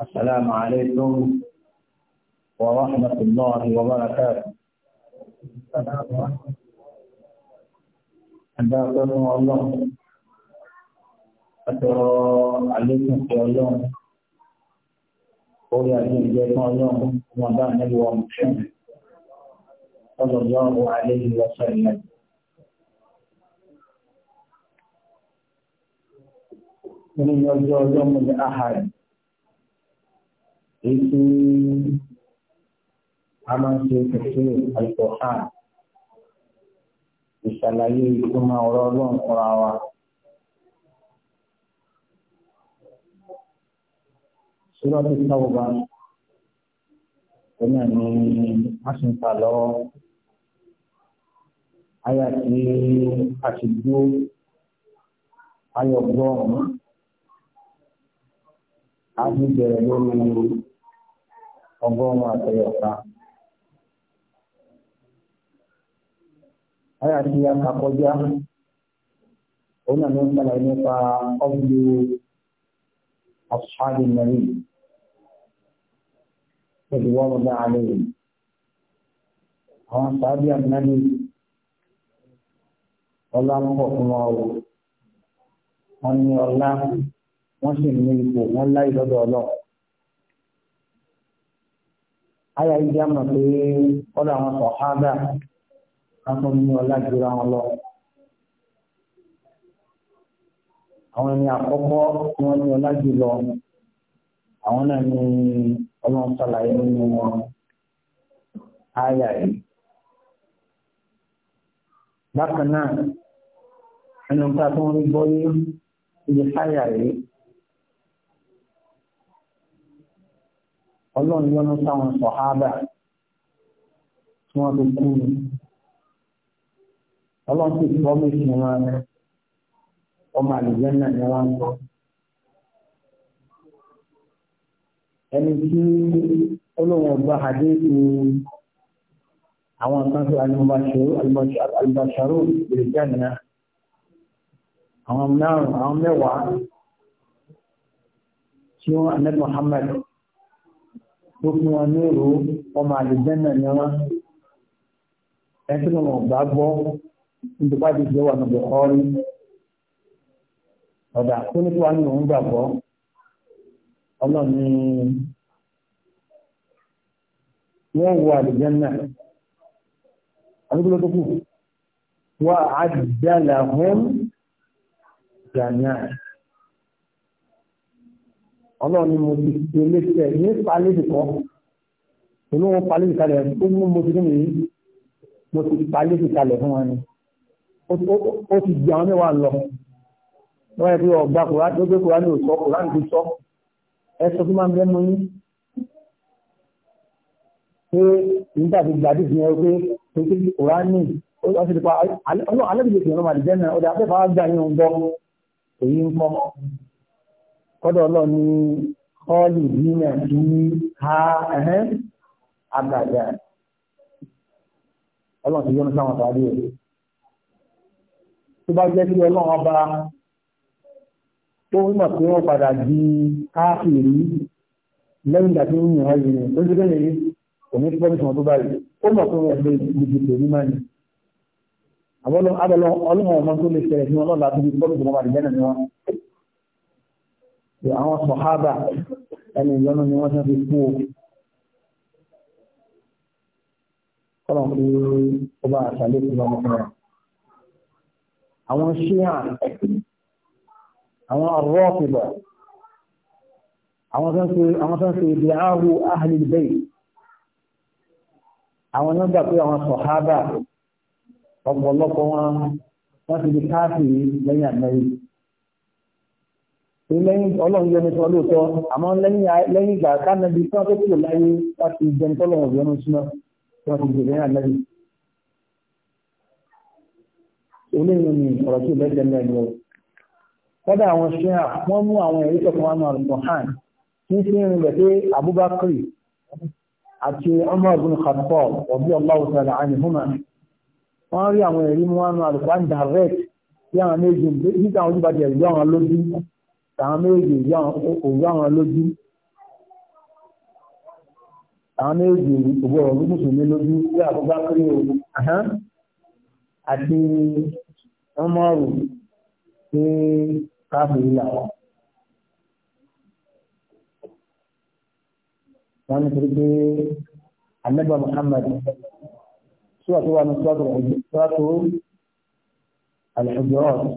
السلام عليكم ورحمة الله وبركاته أدعوكم الله أترى عليكم في الله قولي جيكم الله ومدى نبي ومحمد صلى الله عليه وسلم من يرجو يوم الأحد ètò amáṣe tuntun alukọ̀hán ìṣàlàyé ìtumọ̀ ọ̀rọ̀ ọlọ́run fúnra wa. Sọ́dọ̀ tó sáwọ́ bá ọ̀nà ni a ṣe ń ta Aya tí a ti dúró ayọ̀ gbọ́ọ̀mù. A ti bẹ̀rẹ̀ lórí ọgọ́rùn-ún àtẹyọ̀ká. Àyà tí a kà kọjá, òun náà ló ń sọ̀rọ̀ nípa ọ́bùdó àṣàdì mẹ́rin. Ṣèlú wọ́n lọ bá àlẹ́ yìí. Àwọn sàábì àmì ọlá ń bọ̀ fún wa o. Wọ́n ní ọlá, wọ́n sì ní ipò, wọ́n láì lọ́dọ̀ ọlọ́run. Aya yìí dámọ̀ pé ọ̀dọ̀ àwọn sọ̀hádà látọ̀ ní ọlá jùlọ àwọn lọ. Àwọn ẹni àkọ́kọ́ tí wọ́n ní ọlá jùlọ, àwọn náà ní ọlọ́run sàlàyé nínú wọn. Aya yìí. Bákan náà, ẹnu ká tó ń gbọ́ yé ibi aya ọlọ́run yọ́nú sáwọn sọ̀hábà tí wọ́n fi kú ni ọlọ́run sì promise wọn ọmọ àlùjẹ́nà ni wọ́n ń sọ. ẹni tí olóhùn ọgbà àdé ni àwọn kan tó alùbàṣàrò ìrìjànà àwọn mẹ́wàá tí wọ́n anẹ́ Muhammad tó fún wọn ní èrò ọmọ àlùjẹ́nà ni wọ́n ẹni tí wọn gbà gbọ́ nítorí bá ti jẹ́ wà níbi ọ̀rí ọ̀dà tó ní kí wọ́n ní òun gbàgbọ́ ọlọ́run ní wọ́n wọ àlùjẹ́nà àdúgbò tó kù wọ́n àdìjẹ́ làwọn jàǹdà ọlọ́run ni mo ti ṣe léṣe ní palẹ́sì kan inú wọn palẹ́sì kalẹ̀ ó mú mo ti ní mi mo ti palẹ́sì kalẹ̀ fún wọn ni ó ti di àwọn mẹ́wàá lọ wọ́n yẹ kí ọgbà kùrá tó gbé kùrá ní òsọ kùrá ní sọ ẹ sọ fún máa ń bẹ́ mọ́ yín pé nígbà tí gbàdí fi hàn pé pé kùrá ní ó ti di pa alẹ́ bí lè fi hàn máa dìjẹ́ náà ó dà bẹ́ẹ̀ bá gbà yín ń bọ́ èyí ń kọ́ kọ́dọ̀ ọlọ́run ní kọ́ọ̀lì nínà bí ọlọ́run ti yọ́nú sáwọn tàbí ẹ̀ tó bá jẹ́ sí ọlọ́run ọba tó mọ̀ pé wọ́n padà di káàkiri lẹ́yìn ìgbà tí ń yìn wáyé ni ti bẹ́ẹ̀ ni òní ti pọ́nmísàn tó báyìí ó mọ̀ pé wọ́n lè dìbò ní máa àbọ̀lọ́ ọlọ́run ọmọ tó lè ṣẹlẹ̀ sí wọn lọ́la fi pọ́nmísàn wọn wà tó àwọn sọ̀hábà ẹni ìyọnu ni wọ́n ti kú o kọ́lọ̀n kú ó bá àṣàlẹ̀ kú lọ́mọ fún wa. àwọn ṣíà àwọn arọ́ọ̀kìbà àwọn tó ń ṣe ibi ààrù ahlil bayt àwọn nọ́mbà pé àwọn sọ̀hábà ọ̀pọ̀lọpọ̀ wọn wọ́n ti di káàkiri lẹ́yìn àmẹ́ríkà lẹ́yìn ọlọ́run yẹnu tí wọ́n lóòótọ́ àmọ́ lẹ́yìn ìgbà kánàbí tí wọ́n tó kúrò láyé láti jẹun tọ́lọ́run yẹnu súná tí wọ́n ti gbèrè náà lẹ́yìn. eléyìí ni ọ̀rọ̀ tí ìbẹ́jẹ̀ ń lẹ́nu rẹ̀. kọ́dà àwọn ṣẹ́yà wọ́n mú àwọn ẹ̀rí tọ̀kan wọn náà lọ́kàn hàn kí sí irin rẹ̀ pé Abubakar àti Umar ibn Khattab ọ̀bí ọlọ́wọ́ sọ̀rọ̀ wọ́n rí àwọn ẹ̀rí mú wọn náà lọ́kàn direct bí àwọn méjì nígbà wọn ti bàjẹ́ ìlú àwọn lójú àwọn méjì òwúrọ̀ àwọn lójú àwọn méjì òwúrọ̀ ọ̀rọ̀ mùsùlùmí lójú bí àkọ́gbá pé o àti wọ́n mọ̀ rò pé káàkiri làwọn. wọ́n ní pé pé anábà Muhammad sọ́wọ́ tó wà ní sọ́dọ̀ ọ̀gbẹ́ sọ́dọ̀ àlùfẹ́jọ́ ọ̀rọ̀.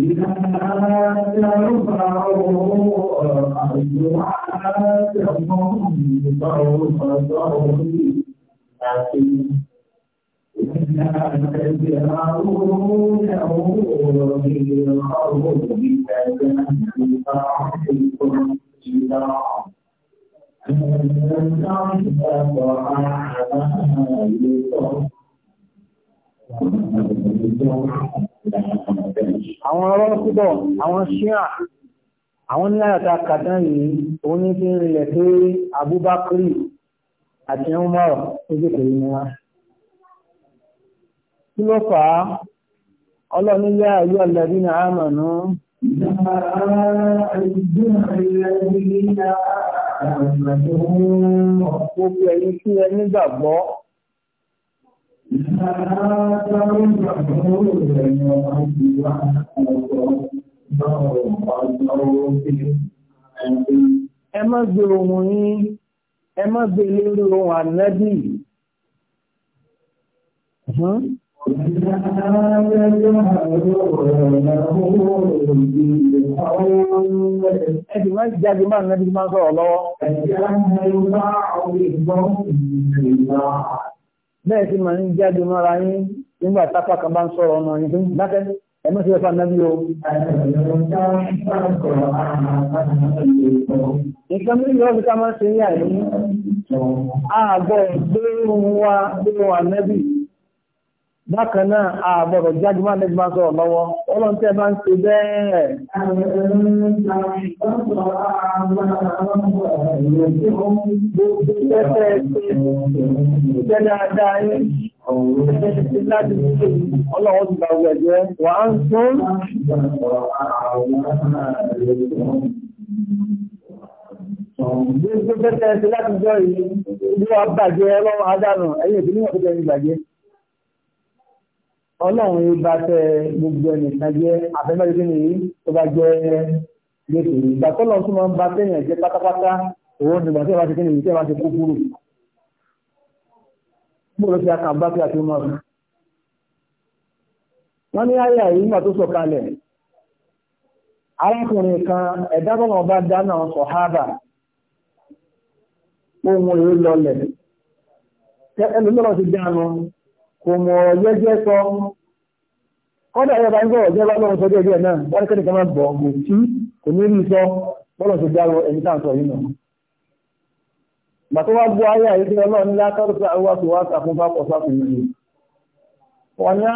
إذا ترفعوا أزواجهم فوق طرفي إنا تجعلونه في الخروج كجنب بعضكم إلى أن تعرف طعامها يطهر Àwọn ọ̀rọ̀ síbọ̀, àwọn ṣíà, àwọn ní àyàtà kàtà yìí, òun ní fi ń rinlẹ̀ pé Abúbákírì àti Umar ojúkò yìí wá. Kí ló fà á? Ọlọ́ni yá ayé ọ̀lẹ́bí ní àmànú. Gbogbo ẹ̀yin tí ẹ Ẹ má gbé ohun yín, ẹ má gbé lérí ohun ànẹ́bì. Ẹ̀dì máa ń jáde máa nẹ́bí máa ń lọ́wọ́. Ẹ̀dì máa ń jáde máa ń sọ̀rọ̀ lọ́wọ́ bẹ́ẹ̀ sì máa ń jáde mọ́ra yín nígbà tápá kan bá ń sọ̀rọ̀ ọ̀nà yín fún dákẹ́ ẹ̀mọ́ sí ẹ̀fà nábí o. nǹkan bí yóò fi ká máa ń ṣe ní àìní àgbọ̀ gbé wa gbé ohun ànẹ́bí bákan náà àbọ̀rọ̀ jáde máa lẹ́gbà sọ̀rọ̀ lọ́wọ́ ọlọ́n tẹ́ bá ń ṣe bẹ́ẹ̀ Ọlọ́run ti bá wẹ̀jẹ́ wà ń tún Gbogbo bẹ́tẹ̀ ẹ̀sẹ̀ láti jọ ìlú àbàjẹ́ ọlọ́run adánù, ẹ̀yìn ìbínú ọ̀pẹ́jẹ́ ọlọ́run yìí bá tẹ gbogbo ẹnìkan jẹ́ àfẹ́mẹ́rin kí nìyí tó bá jẹ́ lẹ́tọ̀ yìí ìgbà tó lọ́n tún máa ń ba téèyàn jẹ́ pátápátá òun nígbà tí wọ́n ti kí nìyí tí wọ́n ti kú kúrò. mo lọ sí akàmbá tí a ti mọ̀ ọ́. wọ́n ní àyà yìí nígbà tó sọ̀kalẹ̀ arákùnrin kan ẹ̀dá bọ́mọ bá dáná sọ̀hábà ohun èlò lọlẹ̀ ẹlòmíràn ti dáná kò mọ̀ yẹ́jẹ́ sọ kọ́dà ẹ̀rọ bá ń gbọ́ ọ̀jẹ́ bá lọ́wọ́ sọ́jọ́ ẹgbẹ́ náà wọ́n kẹ́ni kan máa bọ̀ kò tí kò ní rí sọ bọ́lọ̀ tó dárò ẹni tá à ń sọ yìí nà. bàtọ́ wá gbọ́ ayé àyè tí ọlọ́run ńlá kọ́dọ̀ sí àwọn àti wàásù àfúnfà pọ̀ sáfù yìí. wọ́n ní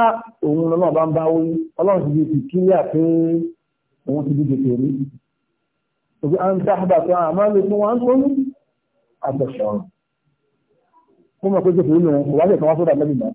òun lọ́nà bá ń bá wí ọlọ́run ti di kílíà pé òun ti di gègé rí. òbí à ń sábà tó àmọ́ lè fún wọn tó ní àtẹ̀sọ̀rọ̀. mo mọ̀ pé gègé rí mi kò wá lè kàn wá sódà lẹ́bi náà.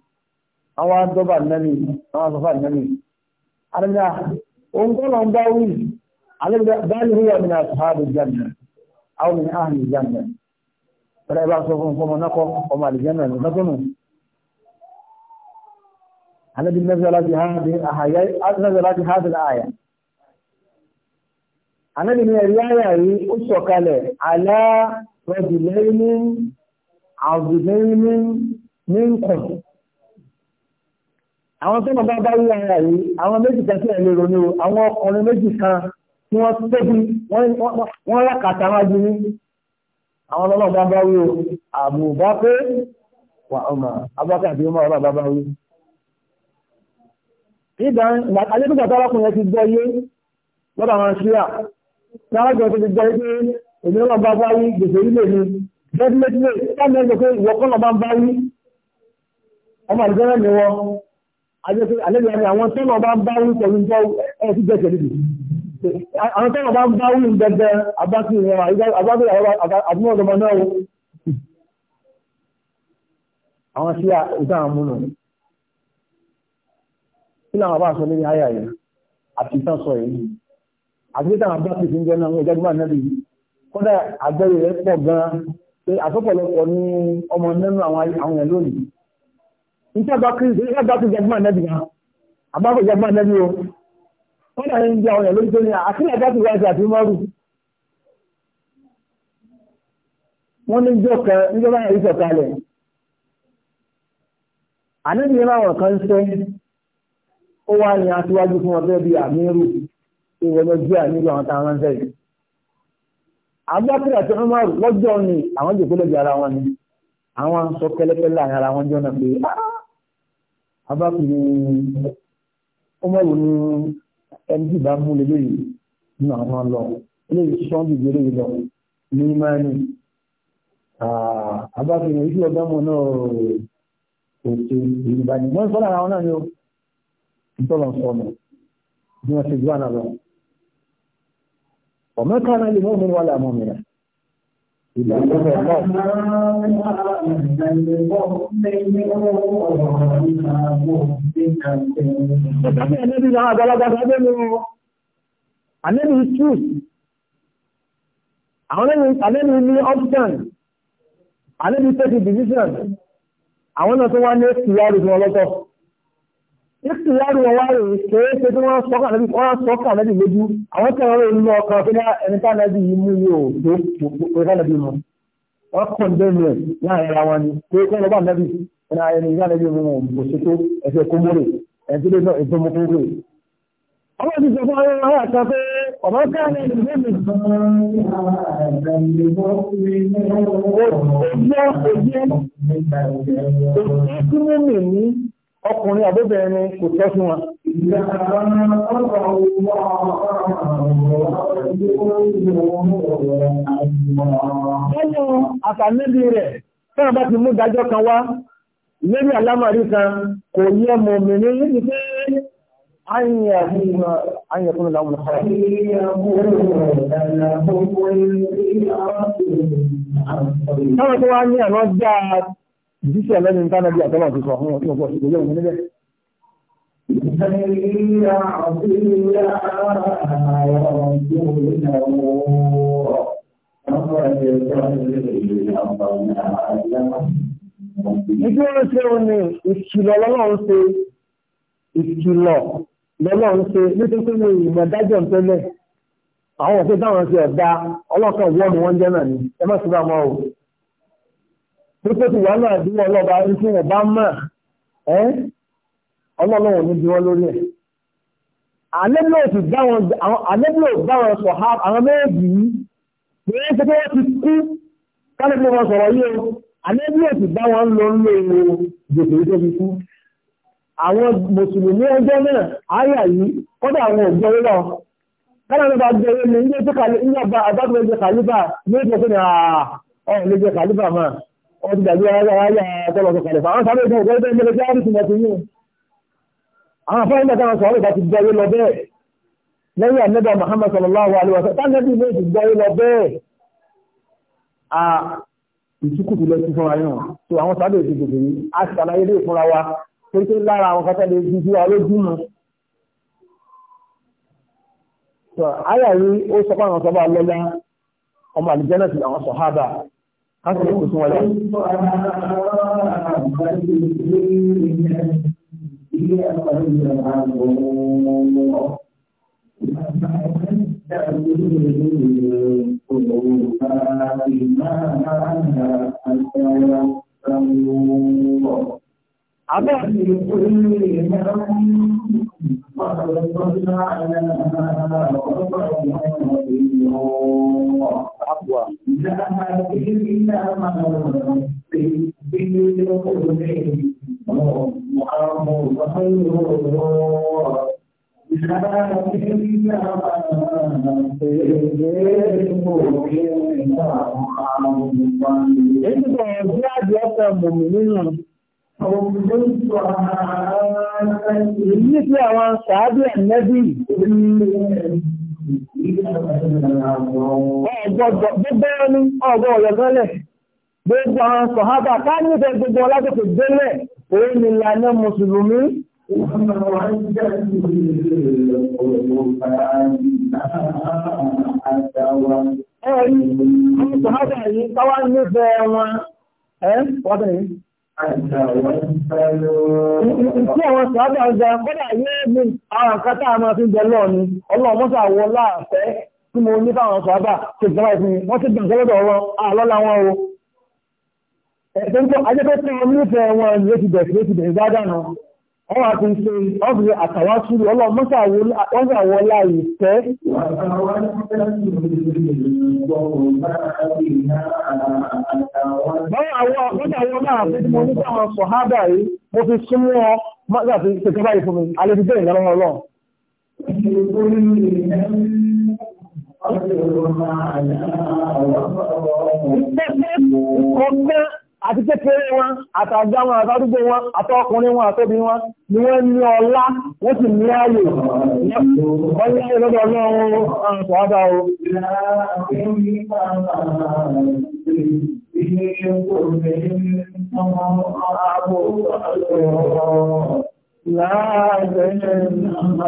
àwọn adọ́bà nẹ́mì àwọn asọ́fà nẹ́mì alẹ́bìnà ohun tó lọ́n bá wí alẹ́bìnà báyìí wíwà ní àṣàbù jẹ́nà àwọn ní àhàmì jẹ́nà pẹ̀lú ẹbá sọ fún ọmọ nákọ ọmọ àlìjẹ́nà ní lọ́tọ́nù alẹ́bìnà nẹ́zọ̀ láti hádì àyà alẹ́bìnà ẹ̀rí àyà yìí ó sọ̀kalẹ̀ alá rọ̀dìlẹ́yìn àbùdẹ́yìn ní kọ̀ọ̀tù àwọn tó mọ̀ bá bá rí ara yìí àwọn méjì kan sí ẹ̀lẹ́ ronú àwọn ọkùnrin méjì kan tí wọ́n tóbi wọ́n lákàtà wọn jù ní àwọn ọlọ́run bá bá rí o àbùbá pé wà ọmọ abákà àti ọmọ ọlọ́run bá bá rí. ìgbà alẹ́kùnkà tó arákùnrin ti gbọ́ yé lọ́dọ̀ àwọn ṣíà tí arákùnrin ti gbọ́ yé èmi náà bá bá rí gbèsè ilé mi gẹ́gẹ́ bí mo ìwọ̀kọ́ ni wọ́n àlẹ́lẹ́ ni àwọn tọ́nà bá ń bá wí pẹ̀lú ẹ̀sí jẹ́ tẹ̀lé àwọn tọ́nà bá ń bá wí gẹ́gẹ́ àbáṣe ìrìn àbáṣe àbúrò ọmọ náà o àwọn sí ìdá àmúnà kí làwọn bá sọ lórí ayà yìí àti ìtàn sọ yìí àti pé táwọn bá pèsè ń jẹ́ náà ọjọ́ gbà náà yìí kódà àgbẹ̀rẹ̀ rẹ̀ pọ̀ gan-an pé àtọ́pọ̀lọpọ̀ ní ọmọ nínú àwọn èèyàn lónìí nítorí ọba kristu ní ọba tó jẹgbọn ẹnẹbi gan àbákò jẹgbọn ẹnẹbi o wọn náà ń jẹ àwọn èèyàn lójú tó ní àkílẹ̀ ẹ̀dá tó wá sí àti mọ́rù wọn ní jọ kẹ níjọba yẹn yìí sọ̀kalẹ̀ àníbi yẹn máa wọn kan sẹ ó wá ní aṣíwájú fún wọn bẹ́ẹ̀ bí àmírù ìwọlọ jẹ àmírù àwọn táwọn máa ń sẹ́yìn àbákìlẹ̀ àti mọ́rù lọ́jọ́ ni àwọn jòkó lọ́jọ́ ara wọn ni àwọn sọ kẹ́lẹ́kẹ́lẹ́ àárín ara wọn jọ náà pé áá ah, abákùnrin ọmọlù ní ẹni tí bá mú lélẹ́ yìí nínú àwọn lọ eléyìí sọ́n bìbí eléyìí lọ ní mẹ́rin abákùnrin ojú ọgbà mọ̀ náà òkè ìrìnbá ni wọ́n sọ́nà àwọn náà ni ó ìtọ́lọ̀ sọ̀nà bí wọ́n ti gbọ́ àná lọ. ọ̀mẹ́kànnà lè mọ́ mi wà láàmú mi ìgbàlódé náà. Ẹnẹ́bí náà àgbàlagbà sábẹ́ mi wọ́n. Ànẹ́bí truth. Àwọn ànẹ́bí ní option. Ànẹ́bí take a decision. Àwọn náà tó wá ní ìyá ìrùsùn ọlọ́tọ̀ nítorí láàrú wọn wá rèé kéré ṣe tí wọ́n sọ́kà lẹ́bí wọ́n sọ́kà lẹ́bí lójú àwọn tẹ̀wọ́n rèé nínú ọkàn pé ẹni tá lẹ́bí yìí mú yóò tó pé ká lẹ́bí mu wọ́n kọ̀ ń dẹ́nu ẹ̀ láàrin ara wọn ni pé kí wọ́n bá lẹ́bí ẹni ayẹni ìyá lẹ́bí mu wọn kò ṣe tó ẹsẹ̀ kómórè ẹni tó lè sọ ètò ọmọ kómórè. àwọn ti sọ fún àwọn ará àti pé ọmọ káàlẹ̀ ìlú mi. òjò òjò òjò ọkùnrin àbóbẹ̀rin kò tọ́ sí wọn. Nínú àtàníbi rẹ̀, tẹ́rọ bá ti mú dájọ́ kan wá, lórí àlámàrí kan kò yẹ mọ̀ mi ní ní pé Ayẹ̀ fún ìlànà ọ̀rọ̀. Táwọn tó wá ní àná ìdíṣẹ́ lẹ́nu nǹkan bí àtọ́lọ̀ ti sọ fún ọ̀pọ̀ ìgbésẹ̀ òun níbẹ̀. Ìjọ́ ṣe o ní ìkìlọ̀ lọ́lọ́run ṣe ìkìlọ̀ lọ́lọ́run ṣe nítorí pé ìmọ̀ dájọ́ ń tẹ́lẹ̀. Àwọn òfin táwọn ṣe ọ̀dá ọlọ́kan wọ́n ni wọ́n jẹ́ náà ni. Ẹ má sí bá mọ́ o pípẹ́ tí ìyá náà dúró ọlọ́ba ní tí wọ́n bá mọ̀ ẹ́ ọlọ́lọ́wọ̀n ní dúró lórí ẹ̀. àlébílò ti dá wọn ha àwọn méjì yìí pé é ṣe pé wọ́n ti kú kálíbílò wọn sọ̀rọ̀ yìí o ti dá lọ lé o jòkè tó fi kú. àwọn mùsùlùmí ọjọ́ náà àyà yìí kọ́dà àwọn òjò rírọ̀ kálá bá gbé ní ilé wọ́n ti gbàgbé ara ara tọ́lọ̀tọ̀ kalẹ̀ fún àwọn sáré ìdánwò gẹ́gẹ́ bẹ́ẹ̀ mẹ́lẹ̀ jáàrí tìǹbà ti yún àwọn afẹ́ ìgbà táwọn sọ̀rọ̀ ìgbà ti gbàgbé lọ bẹ́ẹ̀ lẹ́yìn àmẹ́bà Muhammad sallallahu alaihi wasallam tánẹ́bì ló ti gbàgbé lọ bẹ́ẹ̀ a ìtukùtù lọ sí fúnra yàn tó àwọn sáré ìdí gbogbo yìí a ṣàlàyé lè fúnra wa pé lára àwọn kátà lè ju ju alójú mu ayà yìí ó sọ fún àwọn sọ́bà lọ́lá ọmọ àlùjẹ́nà ti àwọn sọ̀hábà káàkiri kò tún wọlé. Abẹ́ Thank أقوى Èyí tó yẹ kí á di ọ̀pọ̀ mòmí nínú. Èyí tí àwọn sàádùn ẹ̀nẹ́bí Ọ̀gbọ́dọ̀ gbogbo ẹni ọgbọ́ ọ̀yọ̀gánlẹ̀, gbogbo àwọn sọ̀hábà ká nífẹ̀ẹ́ gbogbo ọlágbèsè gbélẹ̀, òun ni ìlànà Mùsùlùmí. Ẹ̀rí, àwọn sọ̀hábà yìí káwá nífẹ̀ẹ́ wọn, ẹ́ wọ́n Ìtí àwọn sàádà ń ga kọ́dà yóò mú àwọn kátà máa fi ni, ọlọ́run mọ́sà wọ láàfẹ́ tí mo ní fáwọn sàádà tó jẹ́ láì wọ́n ti àlọ́lá wọn o. ọwọ́ àti ṣe ọ́bìnrin àtàwásúrù ọlọ́mọ́sàwọ́lá ìfẹ́ mọ́sàwọ́lá àfẹ́sí mo ní káwọn sọ̀hábà yìí mo fi súnmọ́ mọ́sàfí kẹkẹrẹ ìfún mi alẹ́bíbẹ̀ ìrànlọ́wọ́ ọlọ́run Ọgbẹ́ àti kékeré wọn àtàgbà wọn àtàdúgbò wọn àtọkùnrin wọn àtọbi wọn ni wọ́n ní ọlá wọ́n sì ní ààyè Láàrín ọmọ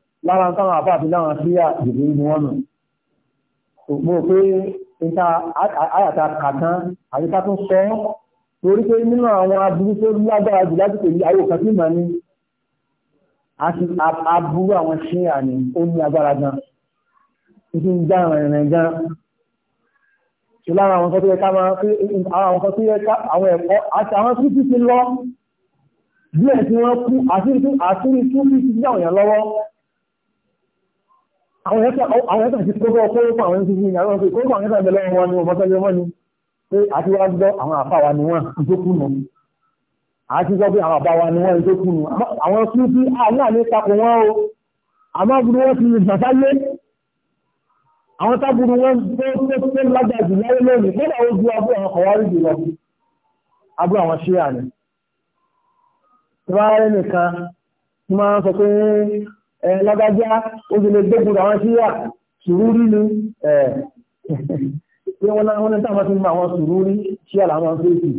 lára táwọn àbáàbí láwọn sí àjèjì ní wọ́n nù mo pé níta àyàtà kàtán àyíká tó sọ torí pé nínú àwọn aburú tó lágbára jù lásìkò yìí ayé òkan tí mà ní aburú àwọn ṣíà ni ó ní agbára gan títí ń já ìrìn gan ṣe lára àwọn kan tó yẹ ká máa àwọn kan tó yẹ ká àwọn ẹ̀kọ́ àti àwọn tó ti ti lọ díẹ̀ tí wọ́n kú àṣírí tó fi ti dáwọn èèyàn lọ́wọ́ àwọn ẹ̀sà ti kókó ọkọ̀ọ́kọ́ àwọn ẹ̀sìn ìyìn àwọn ọ̀sẹ̀ kókó àwọn ẹ̀sà ìbẹ̀lẹ̀ wọn ni ọmọkẹ́lẹ̀ wọn ni pé àti wá gbọ́ àwọn àfáwà ni wọ́n tó kú nù àti gbọ́ pé àwọn àbáwà ni wọ́n tó kú nù àwọn fún bí àwọn àlè takò wọn o àmọ́ burú wọn ti gbà sáyé àwọn tábùrú wọn tó tó tó lágbàá jù láyé lónìí kódà ó ju abú àwọn kọ̀wárí jù lọ abú àwọn ṣíyà ni tí wọ́n á rẹ́ nìkan tí wọ́n á sọ pé ẹ̀ lágbájá ó ti lè gbógun àwọn síyà sùúrù ni ẹ̀ pé wọ́n náà wọ́n ní táwọn ti mú àwọn sùúrù síyà làwọn fèsì.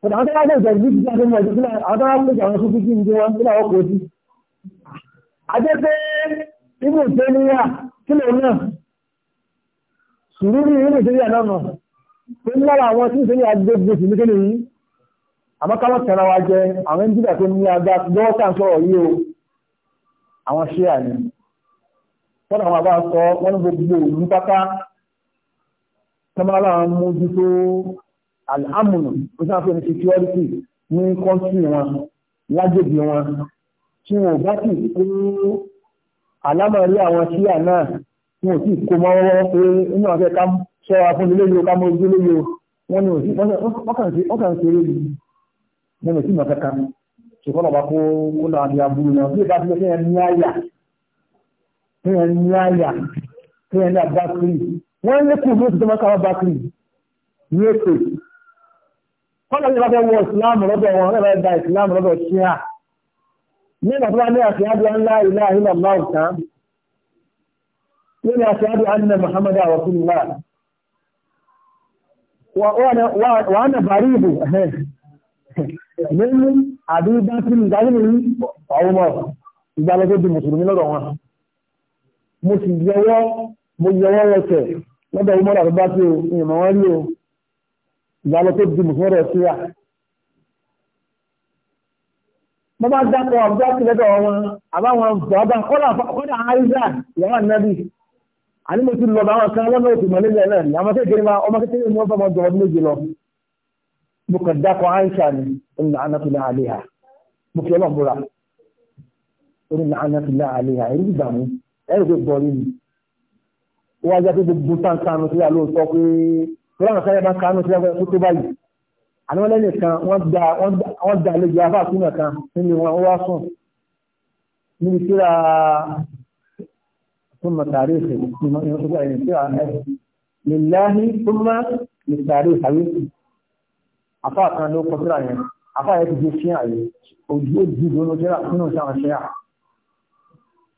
Bọ̀dà àwọn tó wá dé ìjọba ìbí ìjọba tó mọ̀ ìjọba sílẹ̀ àwọn tó wá pèsè àwọn sùúrù kí ni wọ́n sílẹ̀ ọkọ̀ sí. Ajẹ́ pé ibù tó níyà sílẹ̀ náà sùúrù ni ibù tó níyà náà nà. Pé ń lára àwọn tí ń sẹ́yìn sí ní kéde yìí àmọ́ ká wọ́n tẹ̀ra wa jẹ àwọn ẹnjìnà tó ní agbá lọ́wọ́ tá ń sọ̀rọ̀ yìí o àwọn ṣé àní fọ́nà àwọn àbá sọ wọ́n ní gbogbo òní pátá tọ́mọ́lá mójútó àmùnù tó sáà fún security ní kọ́ńtì wọn lágbègbè wọn tí wọn ò bá sì kó àlámọ̀rí àwọn ṣíà wọ́n ní òsì wọ́n kàn sí eré yìí nínú sí ìmọ̀ kankan ṣùgbọ́n ọba kó kó náà ní aburú náà bí ìbá tilẹ̀ kéèyàn ní àyà kéèyàn ní àyà kéèyàn ní àbákiri wọ́n ń lékún ní oṣù tó máa ká àbákiri ní ètò kọ́lá ní ìbáfẹ́ wọ ìsìláàmù lọ́dọ̀ wọn ẹ̀rọ ẹ̀dá ìsìláàmù lọ́dọ̀ ṣíà ní ìgbà tó bá ní àṣẹ àdúrà ńlá ilá ìlà máa tán ní àṣẹ àdúrà ńlá Muhammad àwọ̀kúnlá wà á nà bàrí ìbò mímú àbí bá sí ní ìdájú nìyí ọ̀húnmọ̀ ìgbàlódé di mùsùlùmí lọ́dọ̀ wọn mo sì yọwọ́ mo yọwọ́ rọ̀tẹ̀ lọ́dọ̀ ọmọ rẹ̀ bá sí o ìyẹ̀mọ̀ wọn rí o ìgbàlódé di mùsùlùmí rẹ̀ sí wa. mo bá dákọ̀ ọ̀gá sí lọ́dọ̀ mo kàn dákọ̀ àìsà ni ìlànà anátúlá àléhà mo fi ọlọ́run búra ìlànà anátúlá àléhà èyí ìdààmú ẹ̀rù pé bọ̀ nínú wọ́n ajá pé gbogbo táǹkánú sí àlóòótọ́ pé fúlànà sáyẹ máa kánú sí ẹgbẹ́ tó tó báyìí àná lẹ́yìn kan wọ́n da àlejò afáàfin kan nínú wọn wá sùn níbi síra ثم تاريخ لله ثم للتاريخ àfáà kan ló kọ síra yẹn àfáà yẹn ti di ṣíà yìí ojú ó di ìdónú jẹ́ra nínú ìṣàwọn ṣíà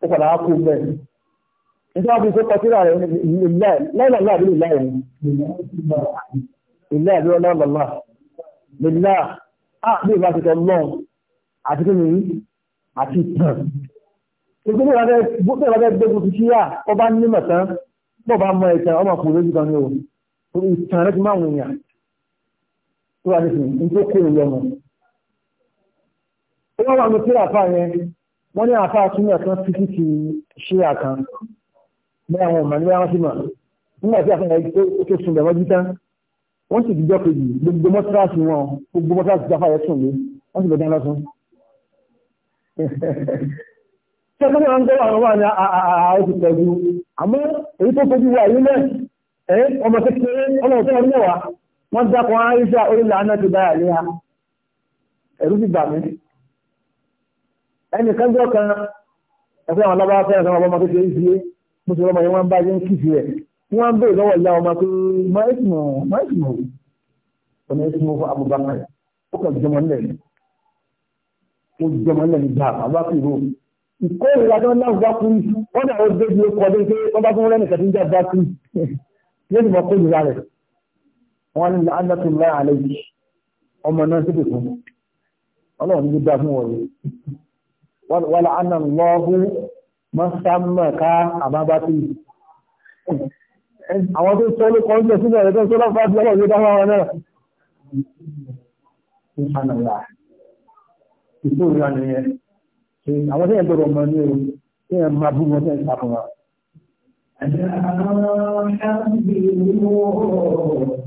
ó padà á kú bẹ́ẹ̀ nígbà bí kò kọ síra rẹ̀ láìláìlá àbí àti kí ni àti tàn ìgbésẹ̀ ìbáfẹ́ ti ṣíà ọba nímọ̀ tán bọ́ọ̀ bá mọ ìtàn ọmọ kùnrin lójú kan ní o ìtàn rẹ ti máa wùnyàn tó wà nísìnyí ní tó kó lọ́mọ. ó wá wà ní kí àfa yẹn wọ́n ní àfa súnmọ́ kan títí ti ṣe àkan ní àwọn ọmọ ní wọ́n sì mọ̀ nígbà tí àfa yẹn tó sùn lọ́wọ́ jí tán wọ́n sì dijọ́ kejì gbogbo mọ́tíráàsì wọn gbogbo mọ́tíráàsì jáfa yẹn sùn lé wọ́n sì lọ dáná sùn. Tẹ́kọ́lẹ́ wọn gbọ́ àwọn wà ní àwọn ìpẹ̀lú, àmọ́ èyí tó fojú wà yìí náà, ẹ̀ ọmọ kékeré, ọmọ òtọ́ ọdún mẹ́wàá, wọ́n dákọ̀ àríṣà orílẹ̀ àná ti báyà léha ẹ̀rú ti bà mí ẹnì kan jọ kan ẹ̀fẹ́ àwọn alábáwá fẹ́ràn kan ọmọ tó ṣe é ṣe é mo sọ ọmọ yẹn wọ́n bá yẹn kìsì rẹ̀ wọ́n ń bèèrè lọ́wọ́ ìyá ọmọ pé máìsìmọ̀ máìsìmọ̀ ọ̀nà ìsìmọ̀ fún Abubakar ó kàn jọmọ nílẹ̀ ni ó náà bá kú wọ́n náà ó débi ó kọ́ dé pé wọ́n bá tún rẹ́nìkà tó bá kú yóò sì mọ kórìíra rẹ̀ wọ́n ní alátúnlá àlejò ọmọ náà síbì fún ọlọ́run ní dá fún wọ̀nyí wọ́n lánà lọ́hùn mọ́sámẹ́ká àbábátì àwọn tó sọ lóko ọjọ́ sílẹ̀ rẹ̀ tó lọ́pàá àti ọlọ́run ní dáhùn àwọn náà ìfànàlá nìyẹn àwọn tó yẹ ní o tó yẹ máa bú wọn tó yẹ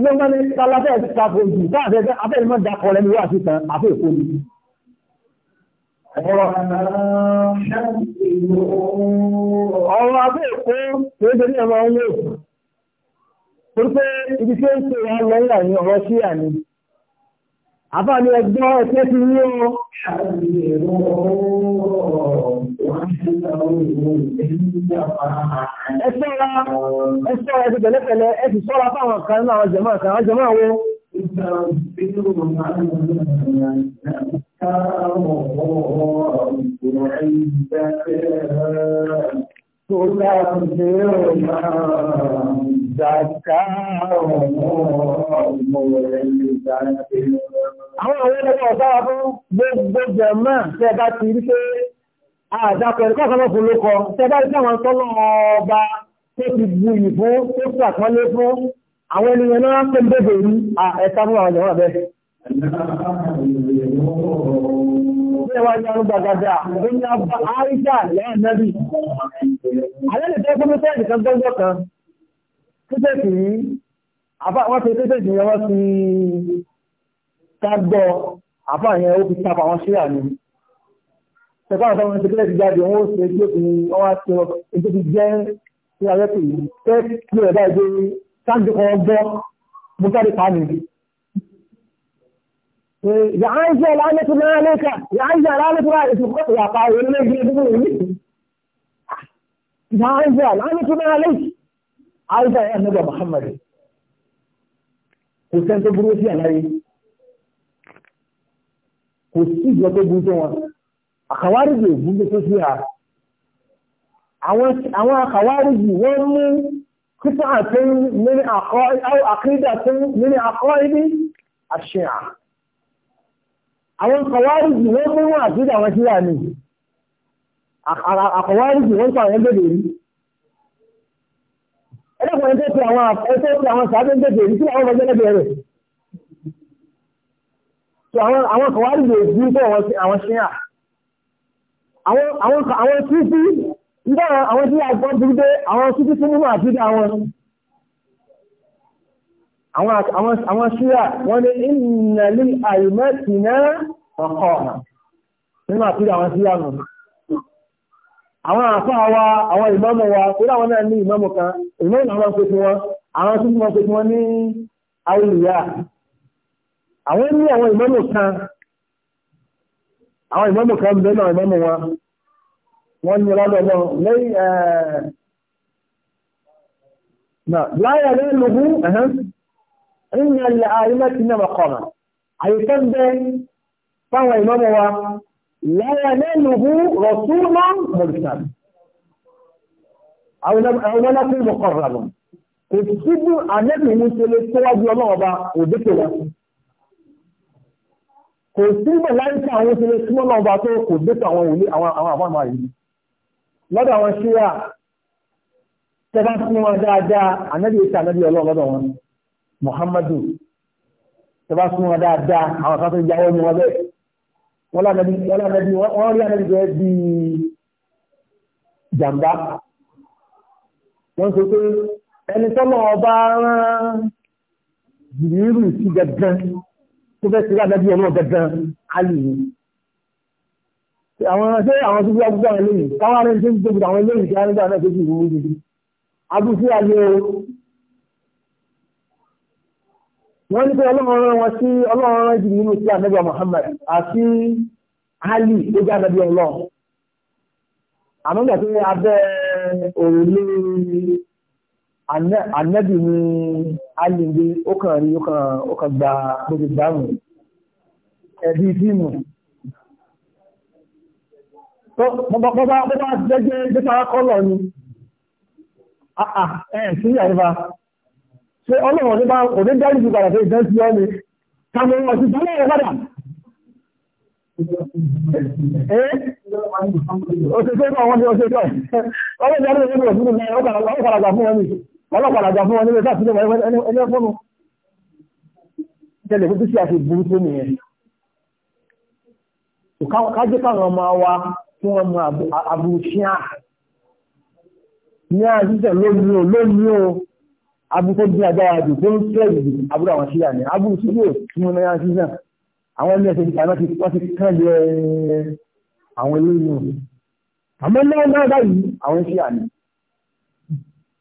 Ọgbọ́n bá ní tálátẹ́ ẹ̀sì tako jù táàfẹ́ afẹ́lẹ́mọ́ dákọ̀ lẹ́nu wá sí tán àfẹ́ èkó ní ọ̀rọ̀ síyà ẹgbẹ́ ẹ̀kẹ́ ti ní ọ. Ẹ̀sọ́ra ẹ̀sọ́ pẹ̀lẹ́pẹ̀lẹ́ ẹ̀sì sọ́ra fáwọn kan náà àwọn jẹ̀mọ́ kan, àwọn jẹ̀mọ́ wo. Tòlá ṣe ó máa dàkà ọmọ rẹ̀ lè dàkà. Àwọn ọ̀rẹ́ lọ́wọ́ sára fún gbogbo jẹ̀mọ́ tẹ́ bá ti rí pé àdàpọ̀ ẹ̀kọ́ kan lọ́fún ló kọ tẹ́bá rí àwọn tọ́lọ́ ọba tó ti bu yìí fún tó ti àpọ́nlé fún àwọn ènìyàn náà tó ń bèbè rí ẹ̀ka fún àwọn ìjọba bẹ́ẹ̀. Ṣé wá ní ọdún gbàgàdà ló ní abá àríṣà lẹ́yìn náà rí? Àlẹ́ lè tẹ́ fún mẹ́tẹ́ ìkan gbọ́ngbọ́ kan. Títẹ̀sì yìí, àbá wọn ti títẹ̀sì yẹn wọ́n ti ká gbọ́ àbá yẹn ó fi tapa wọn síra ni ṣẹ̀fà àwọn ọmọ ìṣẹ̀lẹ̀ ti jáde wọn ó ṣe tí ó fi wọn wá ṣe ètò ti jẹ́ ní alẹ́ pè yìí fẹ́ kí ẹ̀dá ìgbé sáǹdì kan gbọ́ mo jáde pa mi. Ìyá ń jẹ́ láàrín tó náà lẹ́ka, ìyá ń jẹ́ láàrín tó náà ètò kọ́tù yàpá ìrìn lé gbé nínú ìlú. Ìyá ń jẹ́ láàrín tó náà lẹ́ka, àìsàn ẹ̀ nígbà Muhammad. Kò sẹ́ni tó burú sí àlàyé. Kò sí ìjọ tó burú tó wọn àkàwáríjì ògúngbé tó sí ha àwọn àkàwáríjì wọ́n mú kíkọ́ àti nínú àkídà tó nínú àkọ́ ibi àṣìyà àwọn àkàwáríjì wọ́n mú wọn àkídà wọn sí àmì àkàwáríjì wọ́n kọ́ àwọn gbèdè rí ẹlẹ́kùnrin tó ti àwọn ẹ̀tọ́ ti àwọn sàájọ́ gbèdè rí kí àwọn ọmọ àwọn sísí nígbà àwọn tí a gbọ́ bí dé àwọn sísí fún nínú àfídà wọn àwọn ṣíra wọ́n ní ìnàlí àìmẹ́tì náà ọkọ̀ ọ̀nà nínú àfídà àwọn ṣíra nù àwọn àfáà wa àwọn ìmámù wa kúrò àwọn náà ní ìmámù kan ìmámù náà wọ́n pèsè wọn àwọn sísí wọn pèsè wọn ní àwùlìyà àwọn ní àwọn ìmámù kan àwọn ìmọ́mù kan bẹ́ náà ìmọ́mù wọn wọ́n ní lọ́dọ̀ náà lẹ́yìn náà láyà lẹ́yìn lùhú ẹ̀hán ìyìn alẹ́ àìmọ́ ti náà kọ̀mà àyíká bẹ́ fáwọn ìmọ́mù wa láyà lẹ́yìn lùhú rọ̀túnmọ́ mọ̀lùsàn àwọn ọlọ́pàá mọ̀kọ̀rọ̀ kò síbú ànẹ́bìnrin ṣe lè tọ́wájú kò símọ̀ láìsí àwọn ìṣẹ̀lẹ̀ símọ̀ náà bá tó kò dé àwọn òní àwọn àbámà yìí lọ́dọ̀ àwọn ṣíyà tẹ́lá sínú wọn dáadáa ànábì ìṣẹ́ ànábì ọlọ́run lọ́dọ̀ wọn Muhammadu tẹ́lá sínú wọn dáadáa àwọn kan tó yáwọ́ ní wọn bẹ́ẹ̀ wọ́n rí ànábì bẹ́ẹ̀ bí jàǹbá wọ́n sọ pé ẹni tọ́lọ́ ọba rán jìrìrì sí gẹ́gẹ́ tó fẹ́ síra lẹ́bí ọmọ gẹ̀gẹ̀ alìyí àwọn ṣé àwọn tó bí agbúgbà àwọn eléyìí káwọn arẹ́ tó ń tóbi àwọn eléyìí kí wọ́n náà tó bí ìwúwo gidi abúsí ní pé ọlọ́run wọn sí ọlọ́run rán jù nínú sí anábíà Muhammad àti Ali tó jẹ́ anábíà ọlọ́run àmọ́gbà tó ní abẹ́ òrùlé Ànábì ni alìgbé ó kàn rí ó kàn gba gbogbo ìgbàmù ẹ̀bí fíìmù. Bọ́bá jẹ́jẹ́ jẹ́ta kọ́lọ̀ ni, àà ẹ̀ sí àríwá. Ṣé ọlọ́run ní bá kò ní dárí ju padà fẹ́ ìdán sí ọ́ ni, kàmù ọ̀sìn tó lẹ́yìn padà. Ẹ́ òṣèṣẹ́ náà wọ́n ní ọṣẹ́ tọ́. Ọlọ́run ní ọdún ìwé ìwé ìwé ìwé ìwé ìwé ìwé ọlọ́pàá àgbà fún wọn nílé sáà sílẹ̀ ẹni ọ̀fọ́nu tẹ́lẹ̀ fún sí àti burú tó nìyẹn kájẹ́ káwọn ọmọ ní àjíṣẹ́ lónìí o lónìí o abúkó bí agbára jù tó ń tẹ́ ìlú abúrú àwọn ṣíyà ní abúrú sí yóò tí wọ́n náà sí àwọn ilé ẹ̀sẹ̀ ìgbà ti wọ́n ti kán lé àwọn ilé ìlú àmọ́ náà náà báyìí àwọn ṣíyà ní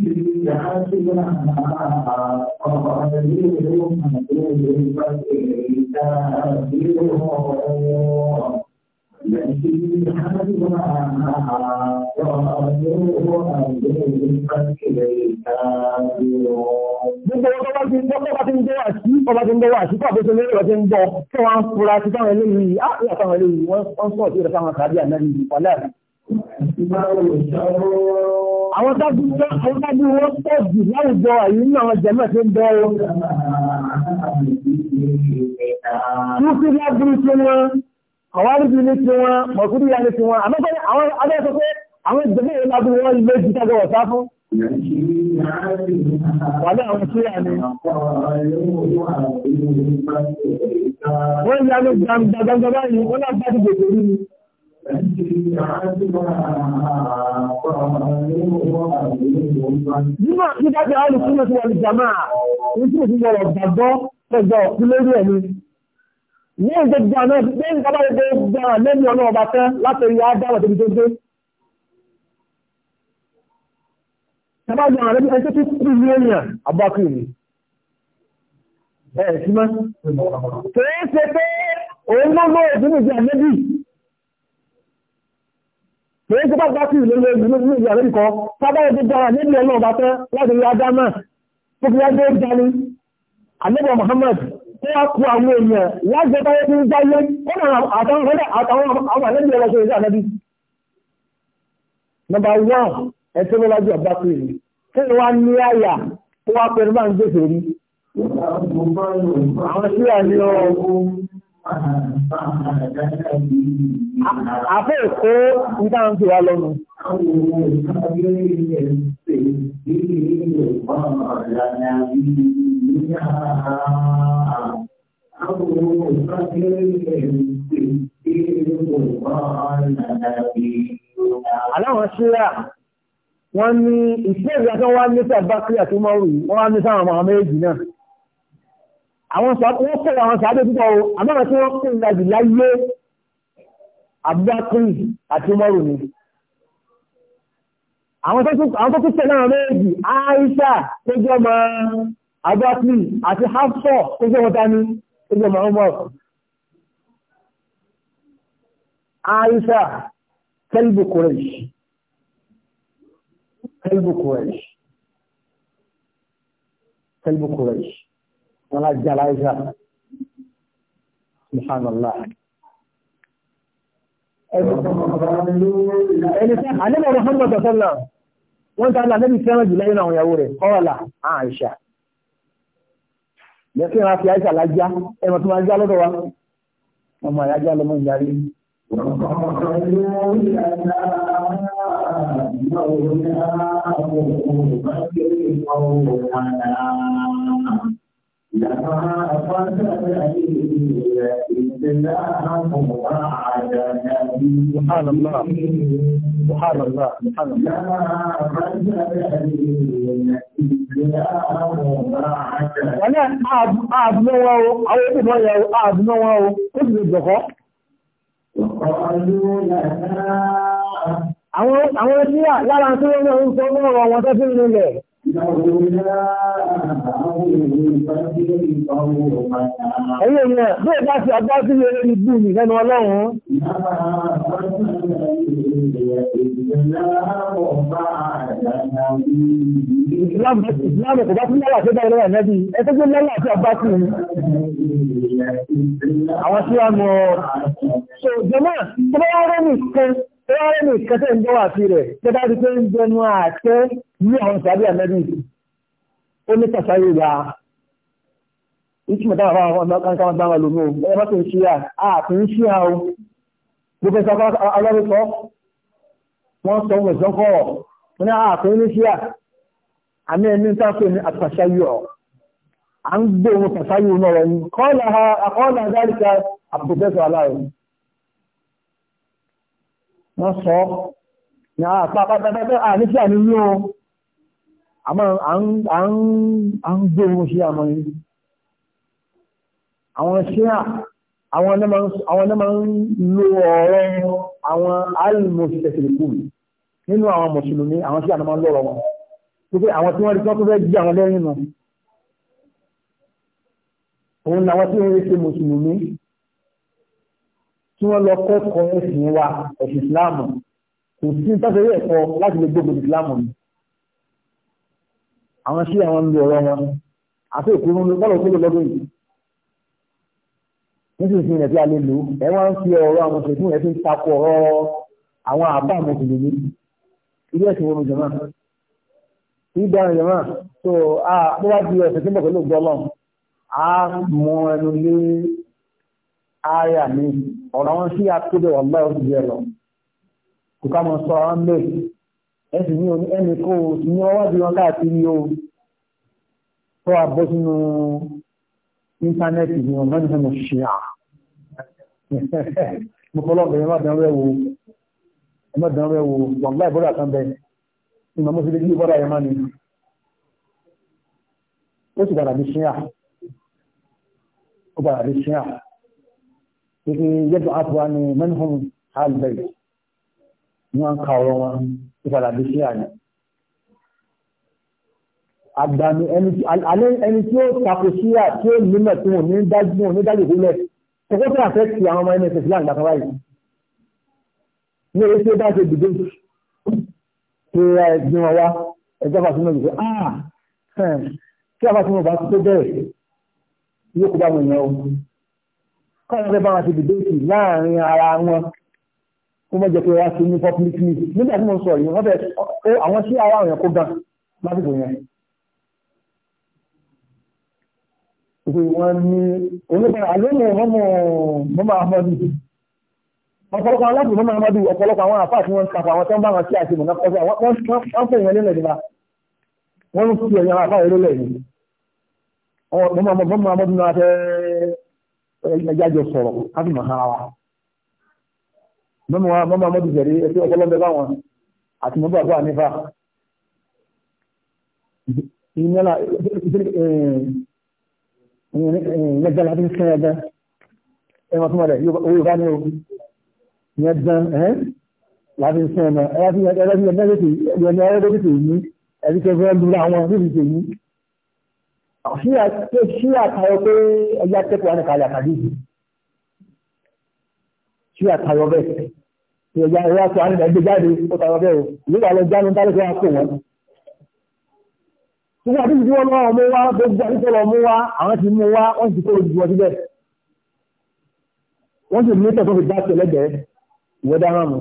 ọba tí ń bọ́ wà sí pàbó tó lórí ọdún bọ́ tí wọ́n fura sí táwọn eléyìí á yà táwọn eléyìí wọ́n ń rẹ̀ táwọn kàbí àmẹ́rin ìpàlẹ́ àti Àwọn tábí wọ́n pọ̀ jù láwùjọ àyí náà jẹ́mẹ̀ tí ń bẹ̀rẹ̀. Túsí lábúrú tí wọ́n, àwọn arúgbí ní tí wọ́n, mọ̀kúrú ya ní tí wọ́n, àmọ́kọ́ àwọn abẹ́ẹ̀kọ́ pé àwọn ìjọba ìrìn lábúrú wọ́n lè jù tágọ̀ ọ̀sá fún. Wà ní àwọn tí àmì. Wọ́n yá ní gbàmgbàmgbà báyìí, wọ́n lábá Nígbà tí a lè fún ẹ̀sùn ẹ̀lú jàmáà, ní tí òfin yọ̀rọ̀ gbàgbọ́ pẹ̀gbọ́ lórí ẹ̀mí. Ní ẹ̀jẹ̀ jà náà, ní ìjọba ẹgbẹ́ jà lẹ́mí ọ̀nà ọba tẹ́ láti rí àdáwọ̀ tó tó gbé. Tẹ́bá jà rẹ̀ ẹni tó kú ní ènìyàn, àbákùnrin. Ẹ̀ sí mọ́. Kìí ṣe pé òun ló lóòtú nìjẹ́ Mèé tó bá bá sí ìlú ilé ìlú ìlú ìyàwó ìkọ́, sábà ètò dára níbi ọ̀nà ọba tẹ́ láti rí ajá náà. Tó fi ẹgbẹ́ ìdáni, Ànábì Muhammad, tó wá kú àwọn èèyàn láti ẹgbẹ́ ayé tí ń dáyé, ó nà àtàwọn àwọn àlẹ́bí ọlọ́sẹ̀ ìṣẹ́ àlẹ́bí. Nọmba wán, ẹ tó lọ́wọ́ jù ọba pé kí wá ní àyà tó wá pẹ̀lú bá ń gbèsè rí. Àwọn sí àlẹ́ ọ̀hún. Àfẹ́ ìkó ìdáhùn ti wá lọ́nu. Aláwọn ṣíra wọ́n ní ìṣẹ́ ìrìnàjò wá ní sí àbákíyà tó mọ́rù yìí, wọ́n wá ní sáwọn ọmọ méjì náà àwọn sọ́dọ̀ wọ́n kọ́ àwọn sàádé púpọ̀ o àmọ́ràn tí wọ́n kún ìlàjì láyé abdulkiri àti mọ́rù ni àwọn tó kú tẹ̀lé àwọn méjì aisha tó jẹ́ ọmọ abdulkiri àti hafsọ tó jẹ́ ọmọ tani tó jẹ́ ọmọ ọmọ aisha kẹlbù kùrẹ́ṣ kẹlbù kùrẹ́ṣ kẹlbù kùrẹ́ṣ wọn á jà láìsà subhanallah ẹni tí àníbọ̀ Muhammad sọ́lá wọ́n tàbí àníbì fẹ́ràn jù lẹ́yìn àwọn ìyàwó rẹ̀ kọ́ọ̀lá Àìṣà lẹ́sìn ra fi Àìṣà lájá ẹmọ tó máa já lọ́dọ̀ wa ọmọ àyájá lọmọ ìyàrí Thank you. لما أخذت أيدي إسلامهم وعلى سبحان الله سبحان الله سبحان الله لما أخذت أيدي إسلامهم وعلى أعبنوا أو أبنوا أعبنوا أبنوا الدخول وقالوا لنا àwọn àwọn tí lára tí wọ́n ń sọ mọ́ ọ̀rọ̀ wọn tó fi ń lulẹ̀ Ẹyẹ yẹn bí ìbá ti àbá sí lórí ibú mi lẹ́nu ọlọ́run. Ìsìláàmù kò bá tún lọ́wọ́ àti dáadáa nẹ́bí, ẹgbẹ́ tó lọ́wọ́ àti àbá sí mi. Àwọn tí a mọ̀ ṣe jẹ́mọ́ tó bá wọ́n rẹ́ nìkan ẹ̀rọ ní ìkẹtẹ́ ń bọ́ àti rẹ̀ tẹ́bá rí pé ń jẹnu àtẹ́ ní àwọn ìsàbí àmẹ́bí ó ní tàṣàrí ìgbà ìtumọ̀ táwọn àwọn ọmọ kankan dáwọn lòmú ẹ bá tó ń ṣíyà àti ń ṣíyà o gbogbo ìsàkọ́ alárùsọ wọ́n sọ ohun ẹ̀sán kọ́ wọn ní àti ń ṣíyà àmì ẹni ń tàṣọ ní àtàṣàrí ọ̀ à ń gbé ohun tàṣàrí náà rẹ̀ ni kọ́ọ̀lá dáríkà àpòtẹ́sọ̀ aláàrẹ̀ wọ́n sọ ní àwọn àpapàpàpàpà àní sí àní ní o àmọ́ à ń gbé ohun ṣe àmọ́ yìí àwọn ṣe à àwọn ẹni máa ń lo ọ̀rọ̀ àwọn alìmọ̀sẹ̀sẹ̀lẹ̀kùn nínú àwọn mùsùlùmí àwọn ṣe àmọ́ máa ń lọ́rọ̀ wọn wípé àwọn tí wọ́n rí tọ́tún fẹ́ jí àwọn lẹ́yìn nù òun làwọn tí wọ́n rí ṣe mùsùlùmí tí wọ́n lọ kẹ́kọ̀ọ́ ẹ̀sìn wa ẹ̀sìn ìsìláàmù kò sí tásẹ̀rí ẹ̀kọ́ láti lè gbógun ìsìláàmù ni àwọn sí àwọn lu ọ̀rọ̀ wọn àti ìkúrú ní bọ́ọ̀lù kúrò lọ́dún yìí nísinsìnyí rẹ̀ tí a lè lò ẹ wá ń fi ọ̀rọ̀ àwọn ṣètò rẹ̀ fi ń takò ọ̀rọ̀ àwọn àbá mùsùlùmí ilé ẹ̀sìn wọn jọ̀mọ́ ìgbà jọ̀mọ́ tó a bó wá di ọ̀sẹ̀ tí mo kò lò gbọ́ a mọ ẹnu lé ara mi ọ̀rọ̀ wọn sí àtúbẹ̀ wà láì oṣù díẹ̀ lọ kò ká mọ sọ àwọn mẹ́ ẹ̀sìn ní oní ẹnì kó o sì ní ọwọ́ bí wọn káàkiri o tó a bọ́ sínú íńtánẹ́ẹ̀tì ni ọ̀nà ìfẹ́ mo ṣe à mo fọlọ́ bẹ̀rẹ̀ má dán rẹ̀ wo ẹ má dán rẹ̀ wo wà láì bọ́dà kan bẹ ìmọ̀ mo sì lè gbé bọ́dà yẹn ó sì padà bí ó padà bí pípé yẹ́dù àtúwá ni mẹ́nhùn albert ní wọ́n ka ọ̀rọ̀ wọn ìfàlàbí sí àná àgbàmì ẹni tí ó tako síyà tí ó nímọ̀ tí wọ́n ní dájú wọn ní dájú ìpínlẹ̀ kókó tí àfẹ́ ti àwọn ọmọ ẹnẹsẹ̀ sílá ìgbà báyìí ní èyí tí ó bá ṣe dìde tí ó gbé wọn wá ẹjọ́ bá súnmọ́ ìgbé ah kí hmm, a bá súnmọ́ bá tó bẹ́ẹ̀ yóò kó bá wọn yẹn o káwọn fẹ́ bá wọn ṣe dìbéètì láàrin ara wọn kó mọ́ jẹ́ pé wá sí ní public news nígbà tí mo sọ yìí wọ́n fẹ́ pé àwọn sí ara àwọn kó gan lásìkò yẹn. Ìpè wọn ní olóògbé àlónì mọ́mọ́ mọ́mọ́ Ahmadu. Ọ̀pọ̀lọpọ̀ aláàbò mọ́mọ́ Ahmadu ọ̀pọ̀lọpọ̀ àwọn àfáà tí wọ́n ń kàfà àwọn tó ń bá wọn sí àti ìmọ̀nà kọ́sọ́ wọ́n fẹ́ ìyẹn lélẹ̀ nípa. Wọ́n ń fi ẹ̀yàn àfáà eré lẹ̀ ẹjájọ sọ̀rọ̀ káfí mọ̀ sára wa mọ́mọ́ mọ́mọ́ mọ́tò jẹ̀rí ẹtí ọpọlọ́bẹ̀ báwọn àti mọ́tò àbúrò ànífà ìnẹ́là ìyẹ́gbẹ́ láti ń sẹ́yẹ́ gan ẹwọ́n tó mọ̀ rẹ̀ owó bá ní o ìyẹn gan ẹ́ láti ń sẹ́yẹ́ gan ẹ̀rọ bí ẹgbẹ́ lókè yìí ẹ̀rí kẹfẹ́ lura àwọn lókè yìí ṣí àtayọ pé ẹgbẹ́ atẹ́kọ̀ọ́ wà ní kalẹ̀ àkàdé yìí ṣí àtayọ bẹ́ẹ̀ tí ẹgbẹ́ ẹgbẹ́ aṣọ àrùn ẹgbẹ́ jáde ó tayọ bẹ́ẹ̀ o ìlú wà lọ jáde nítorí pé wọ́n kó wọn. tí wọ́n ti mú wá gbogbo àti tọ́lọ̀ mú wá àwọn ti mú wá wọ́n ti kó lójú síbẹ̀. wọ́n sì mú tẹ̀sán fi dáṣẹ lẹ́gbẹ̀ẹ́ ìwé dáhàmù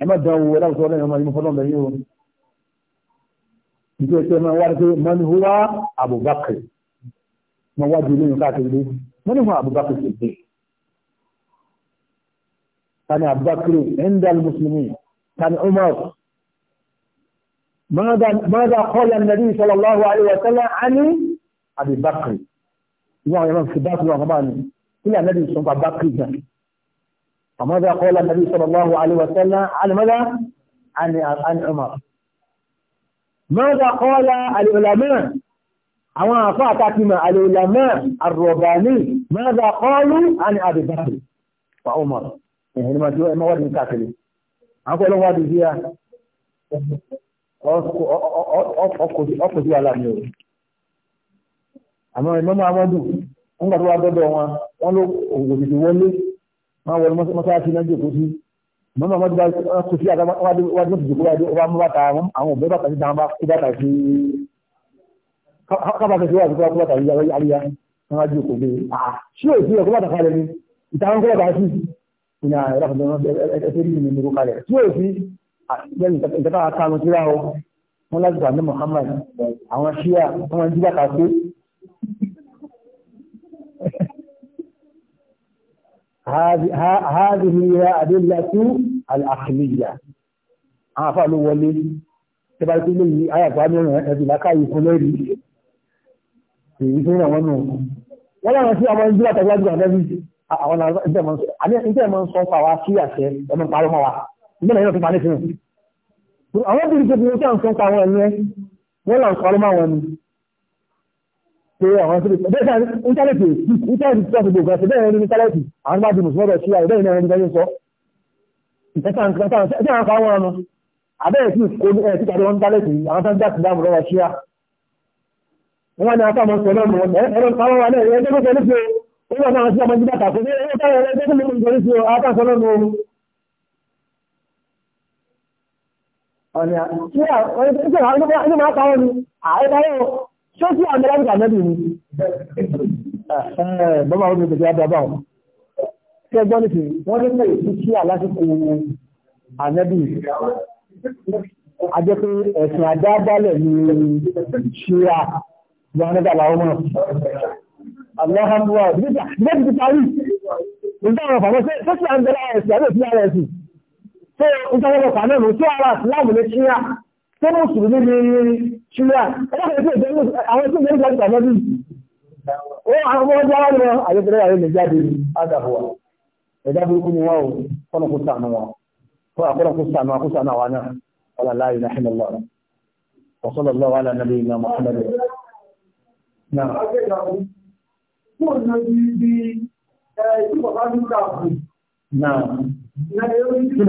ẹ má dán owó ẹ ìdí ẹ̀ṣẹ́ máa wá pé mọ́nìhúwá Abubakar wọ́n wá ju lóyún káàkiri lé mọ́nìhúwá Abubakar sì dé tani Abubakar endal musulmi tani Umar ماذا قال النبي صلى الله عليه وسلم عن أبي بكر wọ́n yẹn fi dákú wọn bá ní ilé ànábì sọ́kà bá kìjà àmọ́dá kọ́lá ànábì sallallahu alaihi wa sallam àlùmọ́dá àni Umar ماذا قال العلماء àwọn àfá àtàkìmọ̀ alìlàmọ́ àrọ̀bàní ماذا قالوا عن أبي بكر وعمر ẹ̀hìn ma jọ ẹmọ́ wádìí káàkiri àwọn ọlọ́wọ́ wádìí sí ọkùnrin wà láàrin o àmọ́ ìmọ́ máa wọ́n dùn wọ́n gbàdúrà dọ́dọ̀ wọn wọ́n ló òwò ìdíwọlé máa wọlé mọ́sáàsì náà jòkó sí mọ́mọ́ wọn ti bá kò sí àgbà wá ní ìdìbò wáyé ọba mú bàtà àwọn òbí bàtà sí dáhùn bá kú bàtà sí kábà kẹsì wà kó bàtà yíyá àríyá wọn á ju kò gbé àá sí òsì ẹ̀kọ́ bàtà kalẹ̀ ni ìtàwọn kọ́ bàtà sí ìyá ẹ̀rọ kan tó ẹsẹ̀ rí mi nìkó kalẹ̀ sí òsì àtijọ́ ìtàkà kanu síra o wọn láti gbà ní Muhammad àwọn ṣíà wọn jí bàtà Si هذه هي أدلة العقلية عفا لو ولي تبقى تقول لي آية قامنا هذه لك يكون لي يكون ونو ولا ما في أمان جلا تقول لي أنا àwọn ìjẹ́ ma ń sọ fà wá sí àṣẹ ẹmọ parọ́ mọ́ wa nígbà yóò fi parí sínú àwọn obìnrin tó bí ó tàn sọ fà wọn ẹni wọ́n là ń parọ́ mọ́ wọn ni pé àwọn tó lè sọ bẹ́ẹ̀ ní íńtánẹ́ẹ̀tì íńtánẹ́ẹ̀tì tó gbogbo ọ̀gá bẹ́ẹ̀ ní íńtánẹ́ẹ̀tì àwọn bá di mùsùlùmí ọ̀dọ̀ ṣíra bẹ́ẹ̀ náà ní ìdájọ́ sọ ẹ̀sẹ̀ àwọn kan wọn abẹ́ẹ̀ tí kò ní ẹ̀ títàdé wọn íńtánẹ́ẹ̀tì àwọn tó ń dá sílámù lọ́wọ́ ṣíra wọn ni àwọn kan sọ náà mọ̀ ẹ̀rọ káwọn wà náà ẹgbẹ́ tó ní pé ó wà náà sí ọmọ jíjà tàkó ní ẹgbẹ́ tó ní pé ní pé àwọn kan sọ náà mọ̀ ọ́n ọ̀nà tí àwọn ẹgbẹ́ tó ní pé àwọn kan ṣé tí amẹ́ríkà mẹ́bí ni bọ́bá ọdún tẹ̀sí àbábá ọ̀ tí ẹgbọ́n ní fèrè wọ́n ní pé tí àlásìkò àmẹ́bí ajẹ́ pé ẹ̀sìn àdábálẹ̀ ni ṣíra ìgbàmẹ́dà làwọn mọ̀ aláhàmúwà níbi ti parí ìdáwọn ọ̀fà mọ́sẹ́ tó ti àmẹ́ríkà tó mú sùn ní ní ṣúlá àwọn tó mẹ́rin jáde tàbí ó àwọn ọmọ ọjọ́ wọn lọ àyẹ́bẹ̀rẹ̀ àyẹ́ lè jáde ádàbọ̀wà ẹ̀dá burúkú ni wọ́n kọ́nà kó sànù wọn fún àkọ́nà kó sànù wọn kó sànù àwọn náà wọn làlá ìlà ìlà lọ وصلى الله على نبينا محمد نعم نعم